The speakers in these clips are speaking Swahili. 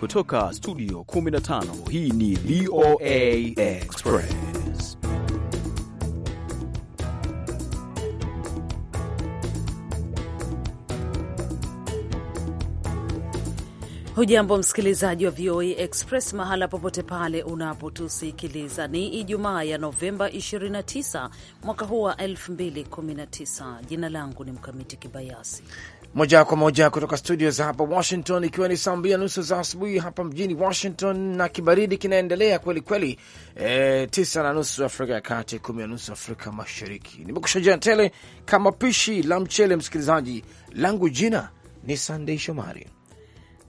Kutoka studio 15 hii ni VOA Express. Hujambo msikilizaji wa VOA Express mahala popote pale unapotusikiliza. Ni Ijumaa ya Novemba 29 mwaka huu wa 2019. Jina langu ni Mkamiti Kibayasi moja kwa moja kutoka studio za hapa Washington, ikiwa ni saa mbili na nusu za asubuhi hapa mjini Washington, na kibaridi kinaendelea kweli kweli. E, tisa na nusu Afrika ya Kati, kumi na nusu Afrika Mashariki. Nimekushajia tele kama pishi la mchele, msikilizaji langu jina ni Sandei Shomari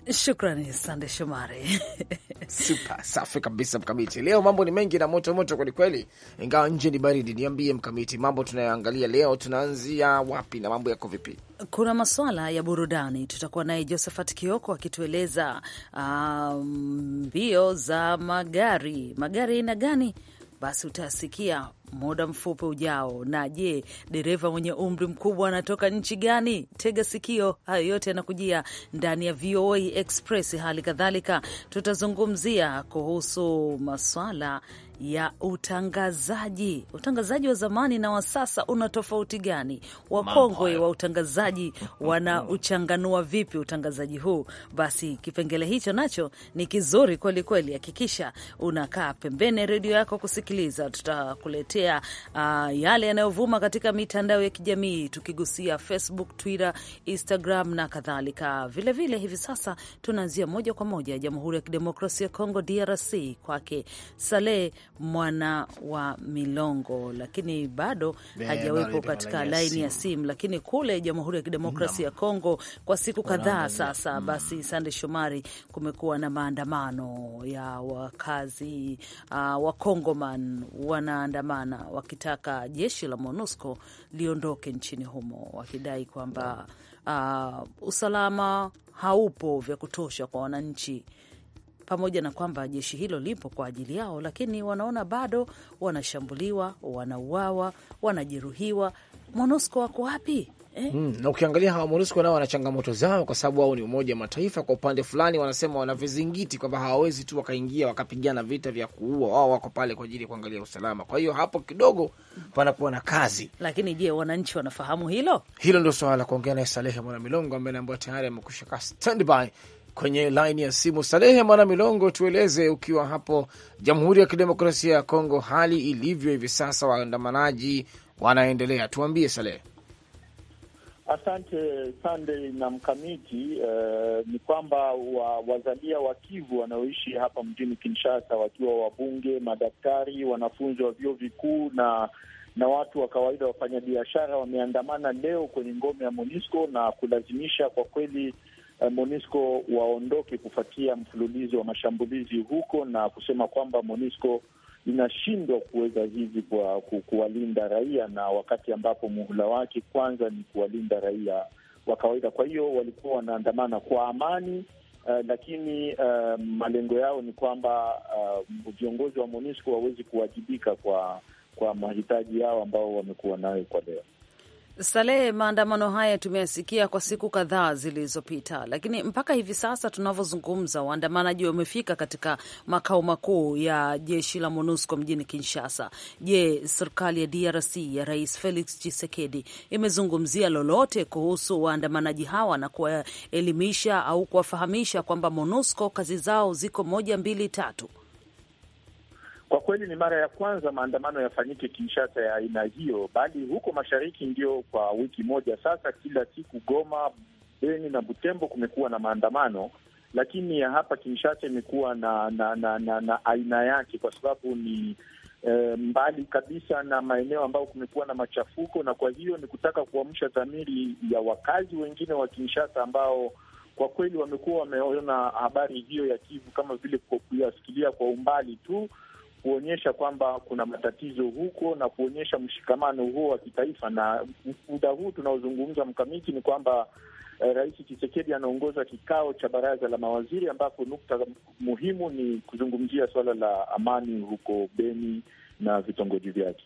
Shukrani Sande Shomari. Super safi kabisa Mkamiti. Leo mambo ni mengi na moto moto kwelikweli, ingawa nje ni baridi. Niambie Mkamiti, mambo tunayoangalia leo tunaanzia wapi na mambo yako vipi? Kuna masuala ya burudani, tutakuwa naye Josephat Kioko akitueleza um, mbio um, za magari, magari aina gani? Basi utasikia muda mfupi ujao. Na je, dereva mwenye umri mkubwa anatoka nchi gani? Tega sikio, hayo yote yanakujia ndani ya VOA Express. Hali kadhalika tutazungumzia kuhusu maswala ya utangazaji. Utangazaji wa zamani na wa sasa una tofauti gani? Wakongwe wa utangazaji wanauchanganua vipi utangazaji huu? Basi kipengele hicho nacho ni kizuri kweli kweli. Hakikisha unakaa pembeni redio yako kusikiliza. Tutakuletea uh, yale yanayovuma katika mitandao ya kijamii tukigusia Facebook, Twitter, Instagram na kadhalika. Vilevile hivi sasa tunaanzia moja kwa moja Jamhuri ya Kidemokrasia ya Kongo, DRC, kwake Saleh mwana wa Milongo, lakini bado hajawepo katika laini ya simu. Lakini kule Jamhuri ya Kidemokrasi ya Kongo kwa siku kadhaa sasa, mm. Basi Sande Shomari, kumekuwa na maandamano ya wakazi uh, wa Kongoman wanaandamana wakitaka jeshi la MONUSCO liondoke nchini humo wakidai kwamba uh, usalama haupo vya kutosha kwa wananchi pamoja na kwamba jeshi hilo lipo kwa ajili yao, lakini wanaona bado wanashambuliwa, wanauawa, wanajeruhiwa. MONUSCO wako wapi? Eh. Mm, na ukiangalia hawa MONUSCO nao wana changamoto zao, kwa sababu wao ni Umoja wa Mataifa. Kwa upande fulani wanasema wana vizingiti kwamba hawawezi tu wakaingia wakapigana vita vya kuua, wao wako pale kwa ajili ya kuangalia usalama. Kwa hiyo hapo kidogo panakuwa na kazi, lakini je, wananchi wanafahamu hilo? Hilo ndio swala la kuongea naye Salehe Mwana Milongo ambaye anaambiwa tayari amekusha kaa standby kwenye laini ya simu. Salehe Mwana Milongo, tueleze ukiwa hapo Jamhuri ya Kidemokrasia ya Kongo, hali ilivyo hivi sasa, waandamanaji wanaendelea, tuambie Salehe. Asante Sande na mkamiti. Uh, ni kwamba wa, wazalia wa Kivu wanaoishi hapa mjini Kinshasa, wakiwa wabunge, madaktari, wanafunzi wa vyuo vikuu na na watu wa kawaida, wafanyabiashara, wameandamana leo kwenye ngome ya MONUSCO na kulazimisha kwa kweli Eh, MONUSCO waondoke kufuatia mfululizo wa mashambulizi huko na kusema kwamba MONUSCO inashindwa kuweza hivi kwa kuwalinda raia, na wakati ambapo muhula wake kwanza ni kuwalinda raia wa kawaida. Kwa hiyo walikuwa wanaandamana kwa amani uh, lakini uh, malengo yao ni kwamba viongozi uh, wa MONUSCO wawezi kuwajibika kwa kwa mahitaji yao ambao wamekuwa nayo kwa leo. Salehe, maandamano haya tumeyasikia kwa siku kadhaa zilizopita, lakini mpaka hivi sasa tunavyozungumza, waandamanaji wamefika katika makao makuu ya jeshi la MONUSCO mjini Kinshasa. Je, serikali ya DRC ya Rais Felix Tshisekedi imezungumzia lolote kuhusu waandamanaji hawa na kuwaelimisha au kuwafahamisha kwamba MONUSCO kazi zao ziko moja, mbili, tatu? Kwa kweli ni mara ya kwanza maandamano yafanyike Kinshasa ya aina hiyo, bali huko mashariki ndio kwa wiki moja sasa, kila siku Goma, Beni na Butembo kumekuwa na maandamano, lakini ya hapa Kinshasa imekuwa na na, na, na na aina yake, kwa sababu ni E, mbali kabisa na maeneo ambayo kumekuwa na machafuko, na kwa hiyo ni kutaka kuamsha dhamiri ya wakazi wengine wa Kinshasa ambao kwa kweli wamekuwa wameona habari hiyo ya Kivu kama vile kuyasikilia kwa umbali tu kuonyesha kwamba kuna matatizo huko na kuonyesha mshikamano huo wa kitaifa. Na muda huu tunaozungumza, mkamiti, ni kwamba eh, Rais Tshisekedi anaongoza kikao cha baraza la mawaziri ambapo nukta muhimu ni kuzungumzia suala la amani huko Beni na vitongoji vyake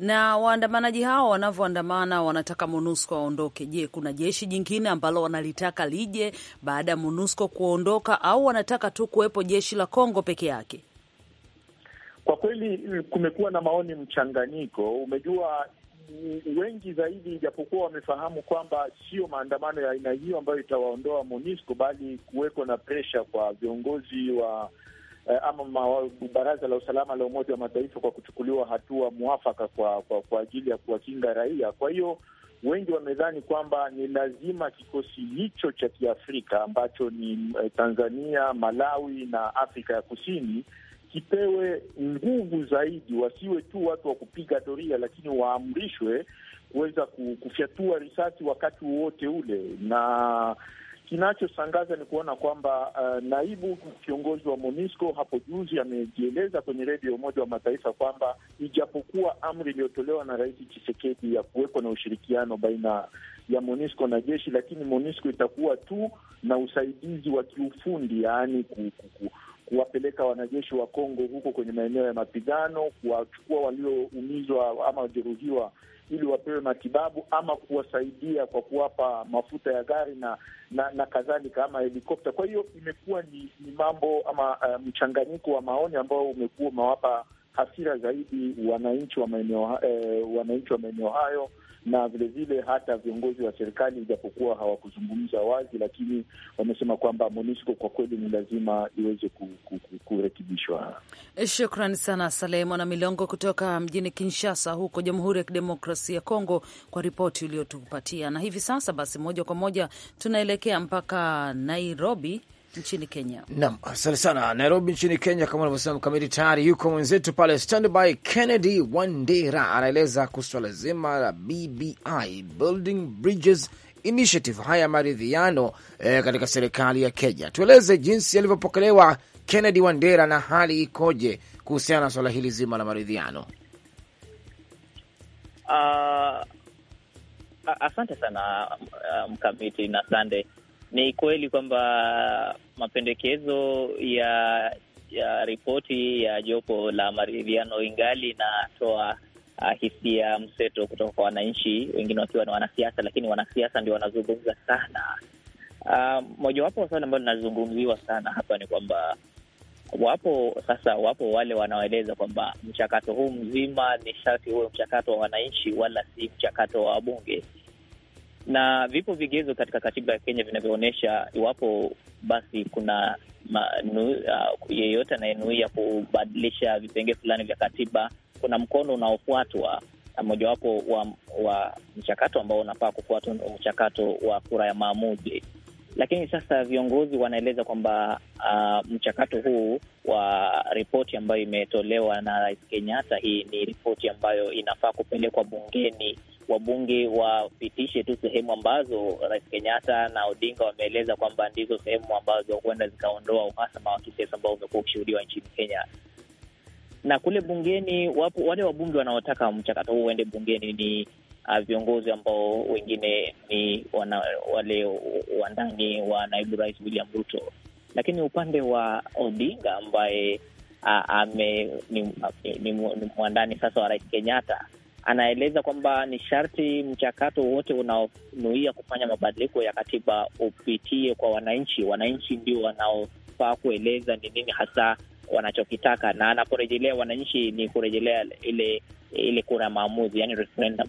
na waandamanaji hao wanavyoandamana wanataka MONUSCO waondoke. Je, kuna jeshi jingine ambalo wanalitaka lije baada ya MONUSCO kuondoka, au wanataka tu kuwepo jeshi la Kongo peke yake? Kwa kweli eh, kumekuwa na maoni mchanganyiko, umejua mm, wengi zaidi, ijapokuwa wamefahamu kwamba sio maandamano ya aina hiyo ambayo itawaondoa MONUSCO, bali kuweko na presha kwa viongozi wa eh, ama baraza la usalama la Umoja wa Mataifa kwa kuchukuliwa hatua mwafaka kwa, kwa, kwa ajili ya kuwakinga raia. Kwa hiyo wengi wamedhani kwamba ni lazima kikosi hicho cha Kiafrika ambacho ni eh, Tanzania, Malawi na Afrika ya Kusini kipewe nguvu zaidi, wasiwe tu watu wa kupiga doria, lakini waamrishwe kuweza kufyatua risasi wakati wowote ule. Na kinachosangaza ni kuona kwamba uh, naibu kiongozi wa MONUSCO hapo juzi amejieleza kwenye redio ya Umoja wa Mataifa kwamba ijapokuwa amri iliyotolewa na Rais chisekedi ya kuwekwa na ushirikiano baina ya MONUSCO na jeshi, lakini MONUSCO itakuwa tu na usaidizi wa kiufundi yaani kuwapeleka wanajeshi wa Kongo huko kwenye maeneo ya mapigano, kuwachukua walioumizwa ama wajeruhiwa ili wapewe matibabu ama kuwasaidia kwa kuwapa mafuta ya gari na na, na kadhalika ama helikopta. Kwa hiyo imekuwa ni, ni mambo ama uh, mchanganyiko wa maoni ambao umekuwa umewapa hasira zaidi wananchi wa maeneo eh, wananchi wa maeneo hayo na vilevile vile hata viongozi wa serikali ijapokuwa hawakuzungumza wazi, lakini wamesema kwamba MONUSCO kwa kweli ni lazima iweze kurekebishwa. Shukran sana Saleh Mwana Milongo kutoka mjini Kinshasa huko Jamhuri ya Kidemokrasia ya Kongo kwa ripoti uliotupatia. Na hivi sasa basi, moja kwa moja tunaelekea mpaka Nairobi nchini Kenya. Naam, asante sana. Nairobi nchini Kenya, kama unavyosema Mkamiti, tayari yuko mwenzetu pale standby, Kennedy Wandera anaeleza kuhusu swala zima la BBI, Building Bridges Initiative, haya maridhiano eh, katika serikali ya Kenya. Tueleze jinsi yalivyopokelewa Kennedy Wandera na hali ikoje kuhusiana na swala hili zima la maridhiano. Uh, asante sana uh, Mkamiti na Sande. Ni kweli kwamba mapendekezo ya, ya ripoti ya jopo la maridhiano ingali inatoa uh, hisia mseto kutoka kwa wananchi, wengine wakiwa ni wanasiasa, lakini wanasiasa ndio wanazungumza sana. Uh, mojawapo wa swala ambalo linazungumziwa sana hapa ni kwamba wapo sasa, wapo wale wanaoeleza kwamba mchakato huu mzima ni sharti huwe mchakato wa wananchi, wala si mchakato wa wabunge na vipo vigezo katika katiba ya Kenya vinavyoonyesha iwapo basi kuna manu, uh, yeyote anayenuia kubadilisha vipengee fulani vya katiba, kuna mkono unaofuatwa mojawapo wa, wa mchakato ambao unafaa kufuatwa mchakato wa kura ya maamuzi. Lakini sasa viongozi wanaeleza kwamba uh, mchakato huu wa ripoti ambayo imetolewa na Rais Kenyatta, hii ni ripoti ambayo inafaa kupelekwa bungeni wabunge wapitishe tu sehemu ambazo Rais Kenyatta na Odinga wameeleza kwamba ndizo sehemu ambazo huenda zikaondoa uhasama wa kisiasa ambao umekuwa ukishuhudiwa nchini Kenya. Na kule bungeni, wapo wale wabunge wanaotaka mchakato huu uende bungeni ni uh, viongozi ambao wengine ni wana, wale ndani wa naibu rais William Ruto, lakini upande wa Odinga ambaye uh, ame, ni, ni, ni, ni mwandani sasa wa rais Kenyatta anaeleza kwamba ni sharti mchakato wote unaonuia kufanya mabadiliko ya katiba upitie kwa wananchi. Wananchi ndio wanaofaa kueleza ni nini hasa wanachokitaka, na anaporejelea wananchi ni kurejelea ile ile kura ya maamuzi, yani referendum.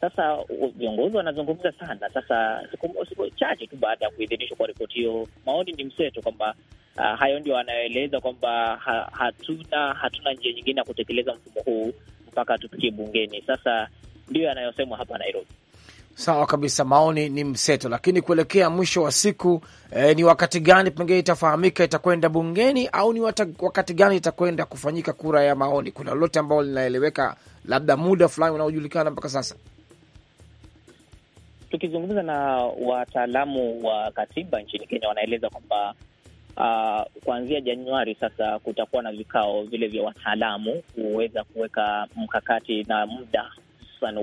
Sasa viongozi wanazungumza sana. Sasa siku, siku chache tu baada ya kuidhinishwa kwa ripoti hiyo, maoni ni mseto kwamba uh, hayo ndio anayoeleza kwamba ha, hatuna hatuna njia nyingine ya kutekeleza mfumo huu mpaka tufikie bungeni. Sasa ndiyo yanayosemwa hapa Nairobi. Sawa kabisa, maoni ni mseto, lakini kuelekea mwisho wa siku eh, ni wakati gani pengine itafahamika itakwenda bungeni au ni wata, wakati gani itakwenda kufanyika kura ya maoni? Kuna lolote ambalo linaeleweka, labda muda fulani unaojulikana mpaka sasa? Tukizungumza na wataalamu wa katiba nchini Kenya, wanaeleza kwamba uh, kuanzia Januari sasa kutakuwa na vikao vile vya wataalamu kuweza kuweka mkakati na muda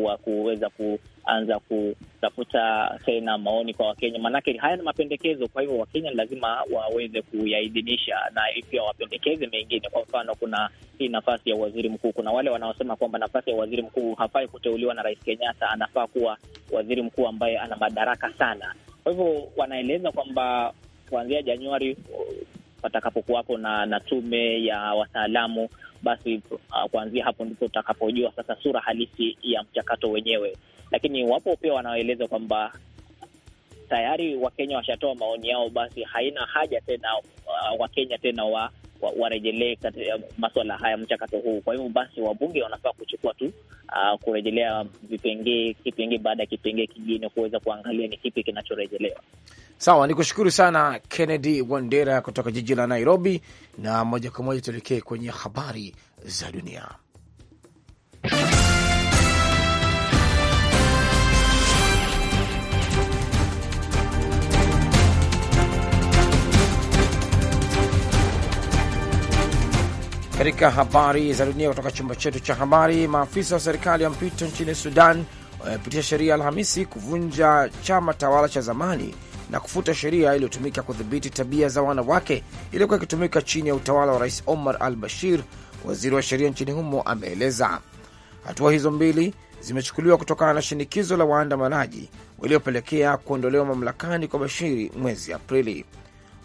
wa kuweza kuanza kutafuta tena maoni kwa Wakenya, maanake haya ni mapendekezo. Kwa hivyo Wakenya lazima waweze kuyaidhinisha na pia wapendekeze mengine. Kwa mfano, kuna hii nafasi ya waziri mkuu. Kuna wale wanaosema kwamba nafasi ya waziri mkuu hafai kuteuliwa na Rais Kenyatta, anafaa kuwa waziri mkuu ambaye ana madaraka sana. Kwa hivyo wanaeleza kwamba kuanzia Januari uh, patakapokuwapo na, na tume ya wataalamu basi, uh, kuanzia hapo ndipo utakapojua sasa sura halisi ya mchakato wenyewe. Lakini wapo pia wanaoeleza kwamba tayari Wakenya washatoa maoni yao, basi haina haja tena uh, Wakenya tena wa warejelee wa maswala haya mchakato huu. Kwa hivyo basi, wabunge wanafaa kuchukua tu uh, kurejelea vipengee kipengee baada ya kipengee kingine kuweza kuangalia ni kipi kinachorejelewa. Sawa, ni kushukuru sana Kennedy Wandera kutoka jiji la Nairobi, na moja kwa moja tuelekee kwenye habari za dunia. Katika habari za dunia kutoka chumba chetu cha habari, maafisa wa serikali ya mpito nchini Sudan wamepitisha sheria Alhamisi kuvunja chama tawala cha zamani na kufuta sheria iliyotumika kudhibiti tabia za wanawake iliyokuwa ikitumika chini ya utawala wa Rais Omar al Bashir. Waziri wa sheria nchini humo ameeleza hatua hizo mbili zimechukuliwa kutokana na shinikizo la waandamanaji waliopelekea kuondolewa mamlakani kwa Bashiri mwezi Aprili.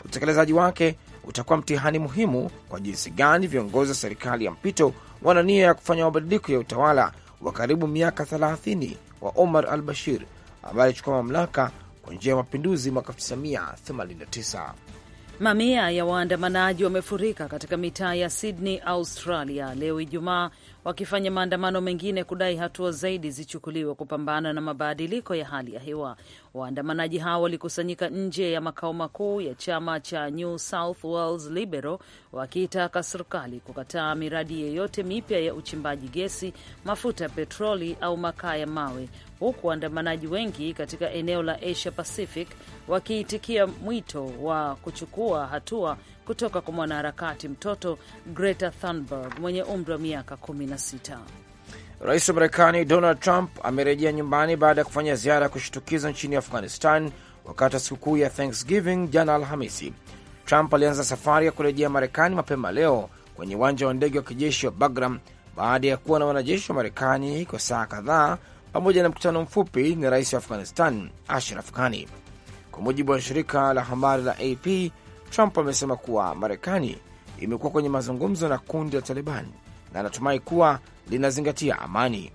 Utekelezaji wake utakuwa mtihani muhimu kwa jinsi gani viongozi wa serikali ya mpito wana nia ya kufanya mabadiliko ya utawala wa karibu miaka 30 wa Omar al Bashir ambaye alichukua mamlaka kwa njia ya mapinduzi mwaka 1989. Mamia ya waandamanaji wamefurika katika mitaa ya Sydney, Australia leo Ijumaa wakifanya maandamano mengine kudai hatua zaidi zichukuliwe kupambana na mabadiliko ya hali ya hewa. Waandamanaji hao walikusanyika nje ya makao makuu ya chama cha New South Wales Liberal wakiitaka serikali kukataa miradi yeyote mipya ya uchimbaji gesi, mafuta ya petroli au makaa ya mawe, huku waandamanaji wengi katika eneo la Asia Pacific wakiitikia mwito wa kuchukua hatua kutoka kwa mwanaharakati mtoto Greta Thunberg mwenye umri wa miaka 16. Rais wa Marekani Donald Trump amerejea nyumbani baada ya kufanya ziara ya kushitukiza nchini Afghanistan wakati wa sikukuu ya Thanksgiving jana Alhamisi. Trump alianza safari ya kurejea Marekani mapema leo kwenye uwanja wa ndege wa kijeshi wa Bagram baada ya kuwa na wanajeshi wa Marekani kwa saa kadhaa pamoja na mkutano mfupi na rais wa Afghanistan Ashraf Ghani. Kwa mujibu wa shirika la habari la AP, Trump amesema kuwa Marekani imekuwa kwenye mazungumzo na kundi la Taliban na anatumai kuwa linazingatia amani.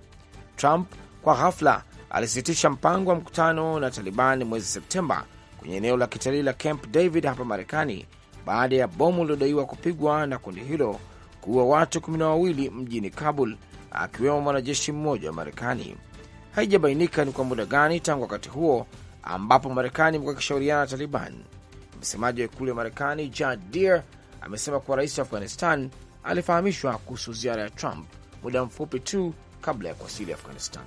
Trump kwa ghafla alisitisha mpango wa mkutano na Taliban mwezi Septemba kwenye eneo la kitalii la Camp David hapa Marekani baada ya bomu lilodaiwa kupigwa na kundi hilo kuua watu kumi na wawili mjini Kabul, akiwemo mwanajeshi mmoja wa Marekani. Haijabainika ni kwa muda gani tangu wakati huo ambapo Marekani imekuwa ikishauriana na Taliban Msemaji wa ikulu ya Marekani Jad Deer amesema kuwa rais wa Afghanistan alifahamishwa kuhusu ziara ya Trump muda mfupi tu kabla ya kuwasili Afghanistan.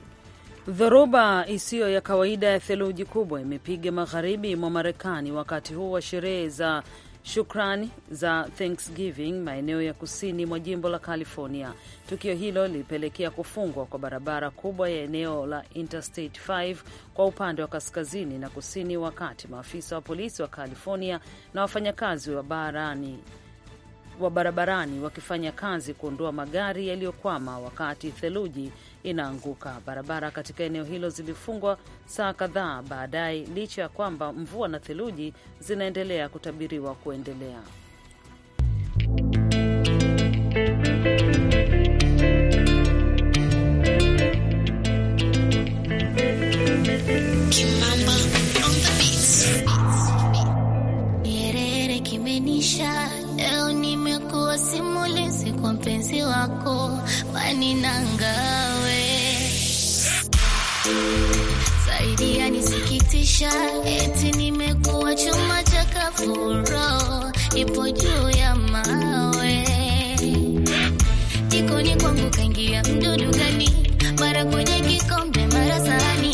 Dhoruba isiyo ya kawaida ya theluji kubwa imepiga magharibi mwa Marekani wakati huu wa sherehe za shukrani za Thanksgiving maeneo ya kusini mwa jimbo la California. Tukio hilo lilipelekea kufungwa kwa barabara kubwa ya eneo la Interstate 5 kwa upande wa kaskazini na kusini, wakati maafisa wa polisi wa California na wafanyakazi wa barani wa barabarani wakifanya kazi kuondoa magari yaliyokwama wakati theluji inaanguka. Barabara katika eneo hilo zilifungwa saa kadhaa baadaye, licha ya kwamba mvua na theluji zinaendelea kutabiriwa kuendelea. Kimamba on the beat. Leo nimekuwa simulizi kwa mpenzi wako mani nangawe zaidi yanisikitisha, eti nimekuwa chuma cha kafuro ipo juu ya mawe jikoni kwangu kaingia mdudu gani? Mara kwenye kikombe, mara sahani,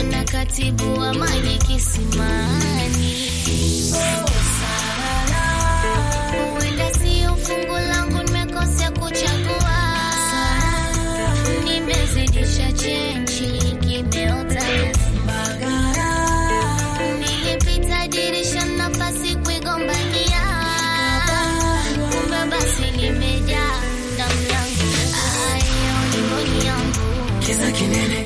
ona katibu wa maji kisimani. looking at it.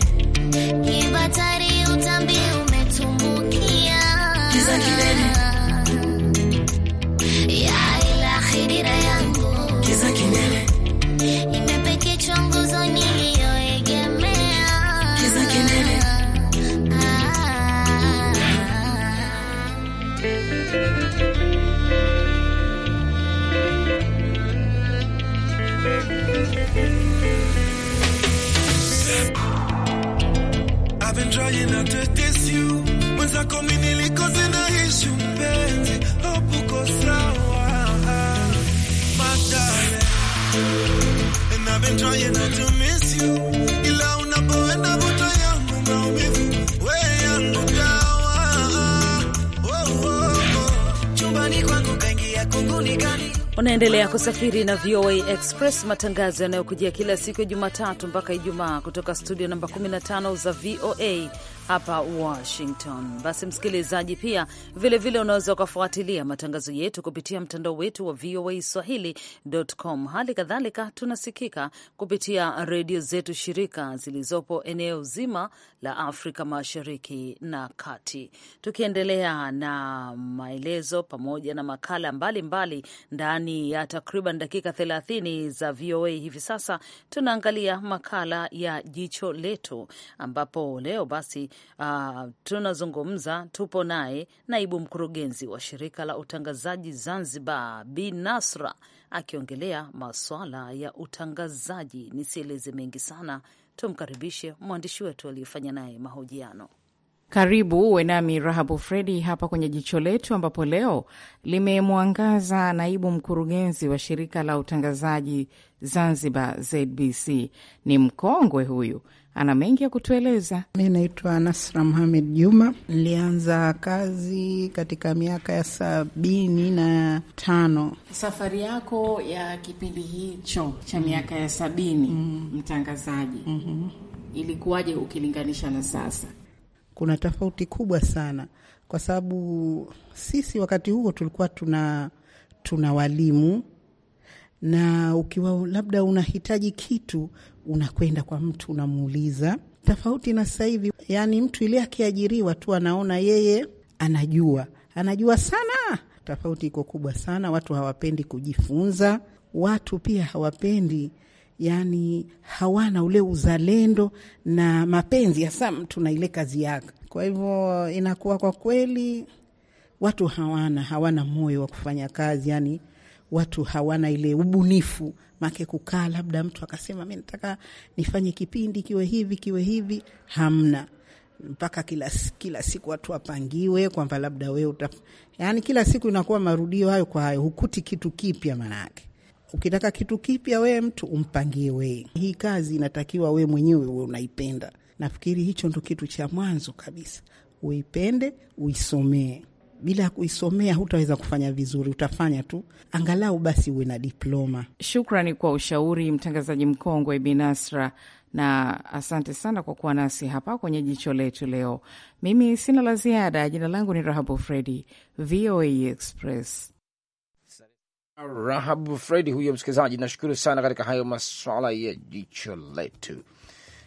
kusafiri na VOA Express, matangazo yanayokujia kila siku ya Jumatatu mpaka Ijumaa kutoka studio namba 15 za VOA hapa Washington. Basi msikilizaji, pia vilevile unaweza ukafuatilia matangazo yetu kupitia mtandao wetu wa VOA Swahili.com. Hali kadhalika tunasikika kupitia redio zetu shirika zilizopo eneo zima la Afrika Mashariki na Kati, tukiendelea na maelezo pamoja na makala mbalimbali mbali. Ndani ya takriban dakika 30 za VOA hivi sasa tunaangalia makala ya jicho letu, ambapo leo basi Uh, tunazungumza tupo naye naibu mkurugenzi wa shirika la utangazaji Zanzibar, Bi Nasra, akiongelea maswala ya utangazaji. Nisieleze mengi sana, tumkaribishe mwandishi wetu aliyefanya naye mahojiano. Karibu uwe nami Rahabu Fredi hapa kwenye Jicho Letu, ambapo leo limemwangaza naibu mkurugenzi wa shirika la utangazaji Zanzibar, ZBC. Ni mkongwe huyu, ana mengi ya kutueleza. Mi naitwa Nasra Muhamed Juma. Nilianza kazi katika miaka ya sabini na tano. Safari yako ya kipindi hicho cha mm-hmm. miaka ya sabini, mm. mtangazaji, mm -hmm. ilikuwaje ukilinganisha na sasa? kuna tofauti kubwa sana, kwa sababu sisi wakati huo tulikuwa tuna tuna walimu na ukiwa labda unahitaji kitu unakwenda kwa mtu unamuuliza, tofauti na sasa hivi. Yani mtu ile akiajiriwa tu anaona yeye anajua, anajua sana. Tofauti iko kubwa sana, watu hawapendi kujifunza, watu pia hawapendi yani hawana ule uzalendo na mapenzi, hasa mtu na ile kazi yake. Kwa hivyo inakuwa kwa kweli watu hawana hawana moyo wa kufanya kazi, yani watu hawana ile ubunifu make kukaa, labda mtu akasema mi nataka nifanye kipindi kiwe hivi kiwe hivi, hamna mpaka kila, kila siku watu wapangiwe kwamba labda wewe uta, yani kila siku inakuwa marudio hayo kwa hayo, hukuti kitu kipya maanayake Ukitaka kitu kipya, wee mtu umpangie wee, hii kazi inatakiwa wee mwenyewe uwe unaipenda. Nafikiri hicho ndo kitu cha mwanzo kabisa, uipende, uisomee. Bila ya kuisomea hutaweza kufanya vizuri, utafanya tu, angalau basi uwe na diploma. Shukrani kwa ushauri, mtangazaji mkongwe binasra na asante sana kwa kuwa nasi hapa kwenye jicho letu leo. Mimi sina la ziada. Jina langu ni Rahabu Fredi, VOA Express. Rahabu Fredi huyo msikilizaji, nashukuru sana katika hayo maswala ya jicho letu.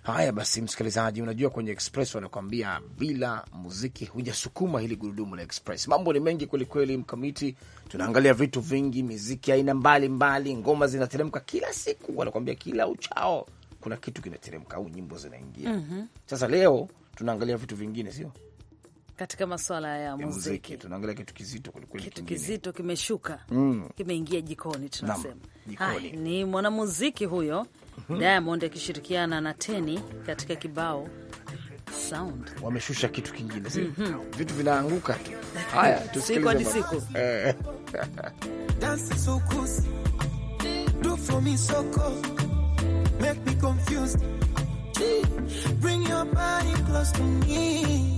Haya basi, msikilizaji, unajua kwenye Express wanakuambia bila muziki hujasukuma hili gurudumu la Express. Mambo ni mengi kwelikweli, Mkamiti, tunaangalia vitu vingi, miziki aina mbalimbali, ngoma zinateremka kila siku, wanakuambia kila uchao kuna kitu kinateremka au nyimbo zinaingia. mm -hmm. Sasa leo tunaangalia vitu vingine, sio katika masuala ya muziki. Tunaangalia kitu kizito kwelikweli, kitu kizito kimeshuka, mm. kimeingia jikoni, tunasema jikoni. Ni mwanamuziki huyo mhm. Diamond akishirikiana na Teni katika kibao Sound. Wameshusha kitu kingine, mm -hmm. Vitu vinaanguka tu. Haya, tusikilize siku hadi eh. siku. Dance so cool. Do for me so cool. Make me confused. Bring your body close to me.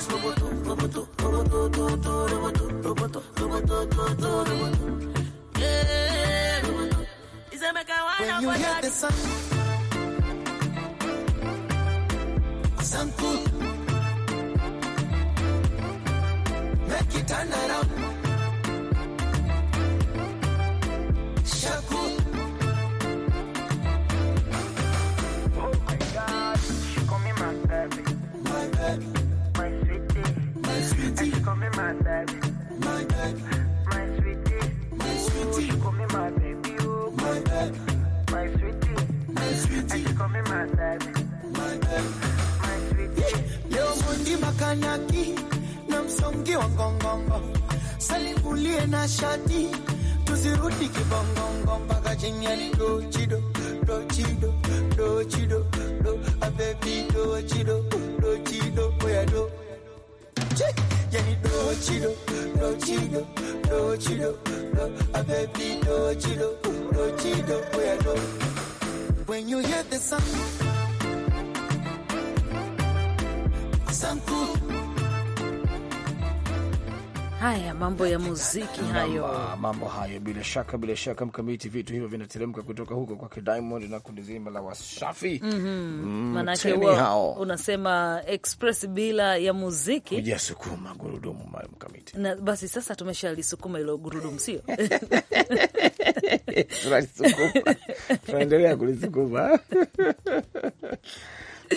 más you hear roboto, Sound Make it turn around. na msongi wa ngongongo, salingulie na shati, tuzirudi kibongongo mpaka chini do chido do chido do chido do abebi do chido do chido do yani do chido do chido do chido do abebi do chido do chido do when you hear the sound sound Haya mambo ya muziki hayo, mambo, ah, mambo hayo, bila shaka bila shaka mkamiti, vitu hivyo vinateremka kutoka huko kwa Diamond na kundi zima la Wasafi. Mhm. mm -hmm. mm, manake unasema express bila ya muziki hujasukuma gurudumu mkamiti, na basi sasa tumeshalisukuma ilo gurudumu, sio tunaendelea kulisukuma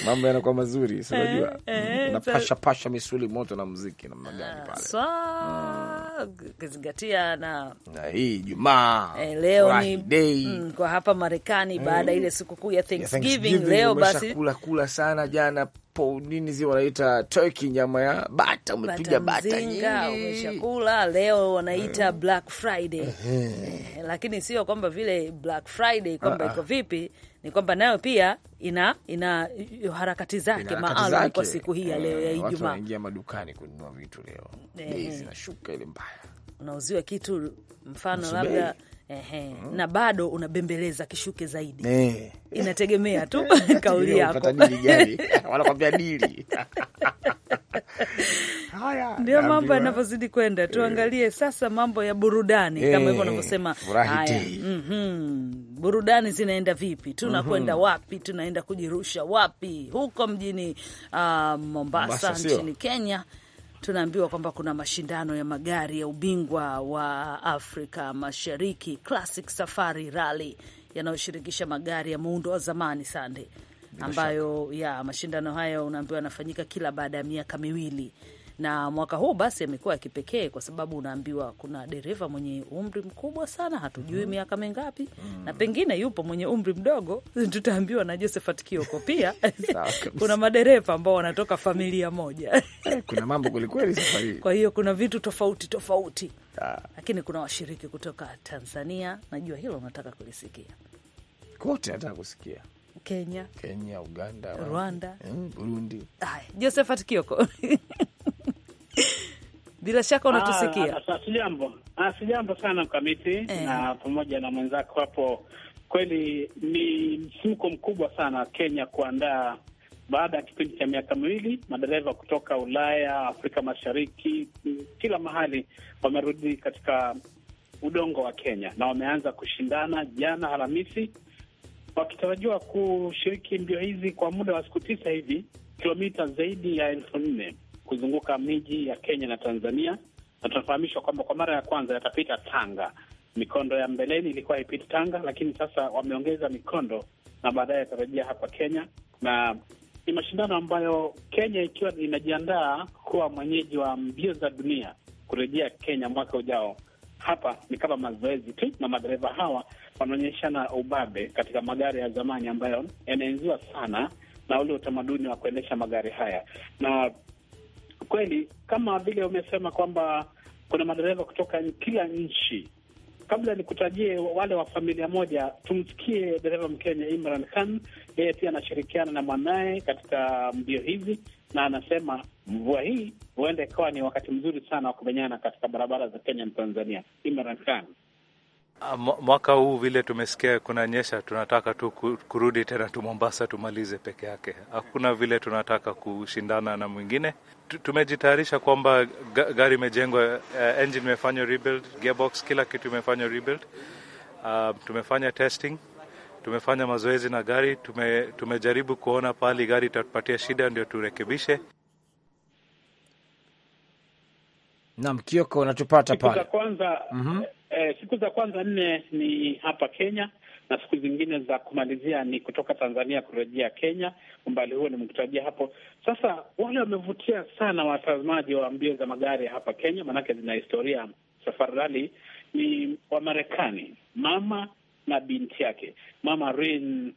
mambo yanakuwa mazuri, si unajua eh, eh, mm, napasha pasha misuli moto na mziki namna gani ah, pale, mm. ukizingatia na hii Jumaa eh, leo ni mm, kwa hapa Marekani baada ile sikukuu ya Thanksgiving leo basi kula kula sana jana hapo nini zi wanaita turkey, nyama ya bata, umepiga bata nyingi umeshakula. Leo wanaita uh, Black Friday uh eh, -huh. Lakini sio kwamba vile Black Friday kwamba uh iko vipi, ni kwamba nayo pia ina ina harakati zake maalum kwa siku hii ya leo ya eh, Ijumaa. Watu wanaingia madukani kununua vitu leo, bei zinashuka ile mbaya, unauziwa kitu mfano labda ehe, mm. na bado unabembeleza kishuke zaidi eh. Inategemea tu kauli yako wanakwambia dili ndio mambo yanavyozidi kwenda. Eh. Tuangalie sasa mambo ya burudani hey, kama eh. hivyo unavyosema haya. mm -hmm. burudani zinaenda vipi? tunakwenda mm -hmm. wapi? tunaenda kujirusha wapi? huko mjini uh, Mombasa, Mombasa nchini Kenya tunaambiwa kwamba kuna mashindano ya magari ya ubingwa wa Afrika Mashariki, Classic Safari Rally, yanayoshirikisha magari ya muundo wa zamani sande, ambayo ya mashindano hayo unaambiwa yanafanyika kila baada ya miaka miwili na mwaka huu basi amekuwa ya kipekee kwa sababu unaambiwa kuna dereva mwenye umri mkubwa sana, hatujui mm -hmm. miaka mingapi mm -hmm. na mhm. pengine yupo mwenye umri mdogo, tutaambiwa na Josephat Kioko pia kuna madereva ambao wanatoka familia moja eh, kuna mambo kwelikweli safari hii. Kwa hiyo kuna vitu tofauti tofauti ah. Lakini kuna washiriki kutoka Tanzania, najua hilo unataka kulisikia kote, nataka kusikia Kenya, Kenya, Uganda, Rwanda, hmm, Burundi. Josephat Kioko bila shaka unatusikia. Ah, sijambo, ah, sijambo sana Mkamiti eh, na pamoja na mwenzako hapo. Kweli ni msuko mkubwa sana Kenya kuandaa baada ya kipindi cha miaka miwili, madereva kutoka Ulaya, Afrika Mashariki, kila mahali wamerudi katika udongo wa Kenya na wameanza kushindana jana Alhamisi, wakitarajiwa kushiriki mbio hizi kwa muda wa siku tisa hivi, kilomita zaidi ya elfu nne kuzunguka miji ya Kenya na Tanzania, na tunafahamishwa kwamba kwa mara ya kwanza yatapita Tanga. Mikondo ya mbeleni ilikuwa haipiti Tanga, lakini sasa wameongeza mikondo na baadaye yatarejea hapa Kenya, na ni mashindano ambayo Kenya ikiwa inajiandaa kuwa mwenyeji wa mbio za dunia kurejea Kenya mwaka ujao. Hapa ni kama mazoezi tu, na madereva hawa wanaonyeshana ubabe katika magari ya zamani ambayo yanaenziwa sana na ule utamaduni wa kuendesha magari haya, na kweli kama vile umesema kwamba kuna madereva kutoka kila nchi. Kabla nikutajie wale wa familia moja, tumsikie dereva Mkenya Imran Khan. Yeye pia anashirikiana na mwanaye katika mbio hizi, na anasema mvua hii huenda ikawa ni wakati mzuri sana wa kumenyana katika barabara za Kenya na Tanzania. Imran Khan: ah, mwaka huu vile tumesikia kunanyesha, tunataka tu kurudi tena tu Mombasa tumalize peke yake. Hakuna vile tunataka kushindana na mwingine tumejitayarisha kwamba gari imejengwa, uh, engine imefanywa rebuild, gearbox, kila kitu imefanywa rebuild. Uh, tumefanya testing, tumefanya mazoezi na gari, tume, tumejaribu kuona pahali gari itatupatia shida ndio turekebishe. Naam, Kioko, unatupata pale. Mhm. Eh, siku za kwanza nne mm -hmm. eh, ni hapa Kenya na siku zingine za kumalizia ni kutoka Tanzania kurejea Kenya. Umbali huo nimekutajia hapo. Sasa wale wamevutia sana watazamaji wa mbio za magari hapa Kenya, maanake zina historia. Safari Rally ni Wamarekani, mama na binti yake, mama Rin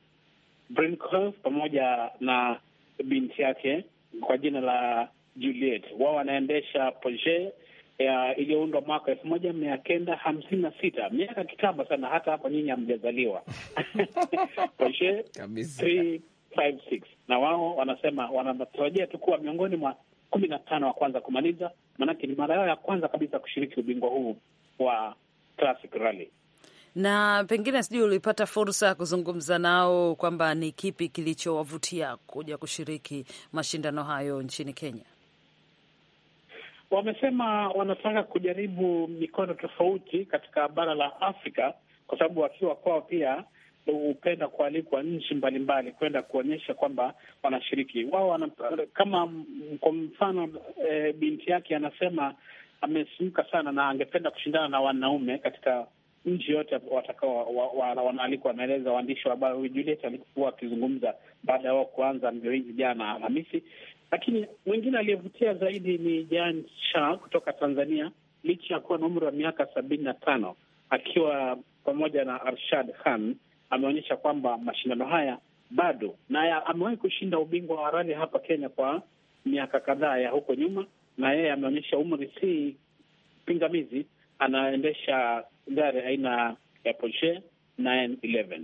Brinkhoff pamoja na binti yake kwa jina la Juliet. Wao wanaendesha Porsche iliyoundwa mwaka elfu moja mia kenda hamsini na sita miaka kitambo sana, hata hapo nyinyi hamjazaliwa poshe 356 na wao wanasema wanatarajia tu kuwa miongoni mwa kumi na tano wa kwanza kumaliza, maanake ni mara yao ya kwanza kabisa kushiriki ubingwa huu wa Classic Rally na pengine sijui ulipata fursa ya kuzungumza nao kwamba ni kipi kilichowavutia kuja kushiriki mashindano hayo nchini Kenya? Wamesema wanataka kujaribu mikono tofauti katika bara la Afrika, kwa sababu wakiwa kwao pia hupenda kualikwa nchi mbalimbali kwenda kuonyesha kwamba wanashiriki wao wana, kama kwa mfano e, binti yake anasema amesimuka sana na angependa kushindana na wanaume katika nchi yote watakao wanaalikwa. Wameeleza waandishi wa habari, huyu Juliet alikuwa akizungumza baada ya wao kuanza mbio hizi jana Alhamisi, lakini mwingine aliyevutia zaidi ni Jan Shah kutoka Tanzania, licha ya kuwa na umri wa miaka sabini na tano akiwa pamoja na Arshad Khan ameonyesha kwamba mashindano haya bado, na amewahi kushinda ubingwa wa rali hapa Kenya kwa miaka kadhaa ya huko nyuma, na yeye ameonyesha umri si pingamizi. Anaendesha gari aina ya Porsche 911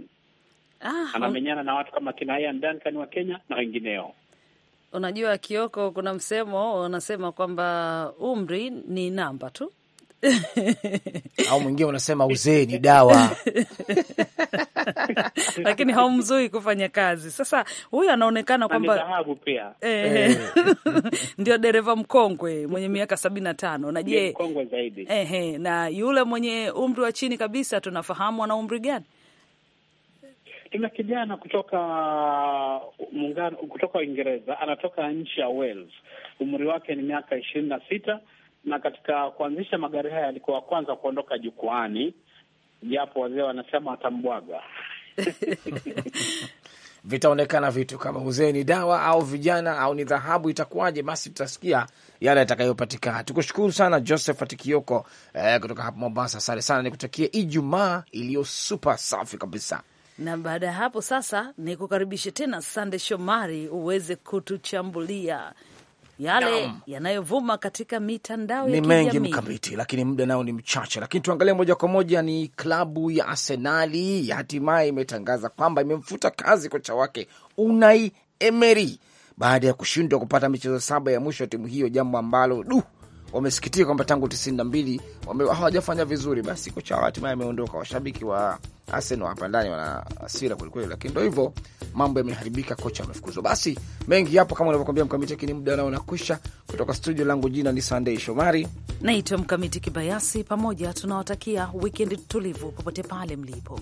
ah, anamenyana na watu kama kina Ian Duncan wa Kenya na wengineo. Unajua Kioko, kuna msemo wanasema kwamba umri ni namba tu au mwingine unasema uzee ni dawa lakini haumzui kufanya kazi. Sasa huyu anaonekana kwamba eh, ndio dereva mkongwe mwenye miaka sabini na tano na je, mkongwe zaidi eh, na yule mwenye umri wa chini kabisa tunafahamu ana umri gani? Tuna kijana kutoka muungano kutoka Uingereza, anatoka nchi ya Wales, umri wake ni miaka ishirini na sita na katika kuanzisha magari haya alikuwa wa kwanza kuondoka jukwani, japo wazee wanasema atambwaga vitaonekana vitu kama uzee ni dawa au vijana au ni dhahabu, itakuwaje? Basi tutasikia yale yatakayopatikana. Tukushukuru sana Josephat Kioko eh, kutoka hapa Mombasa. Asante sana, nikutakie Ijumaa iliyo super safi kabisa na baada ya hapo sasa ni kukaribishe tena Sande Shomari uweze kutuchambulia yale yanayovuma katika mitandao ni ya mengi mkamiti, lakini muda nao ni mchache. Lakini tuangalie moja kwa moja, ni klabu ya Arsenali hatimaye imetangaza kwamba imemfuta kazi kocha wake Unai Emery baada ya kushindwa kupata michezo saba ya mwisho ya timu hiyo, jambo ambalo duh, wamesikitika kwamba tangu 92 hawajafanya vizuri. Basi kocha hatimaye ameondoka. Washabiki wa Arsenal hapa ndani wana hasira kwelikweli, lakini ndo hivyo mambo yameharibika, kocha amefukuzwa. Basi mengi yapo kama unavyokwambia Mkamiti, lakini muda nao unakwisha. Kutoka studio langu jina ni Sandei Shomari, naitwa Mkamiti Kibayasi. Pamoja tunawatakia wikendi tulivu popote pale mlipo.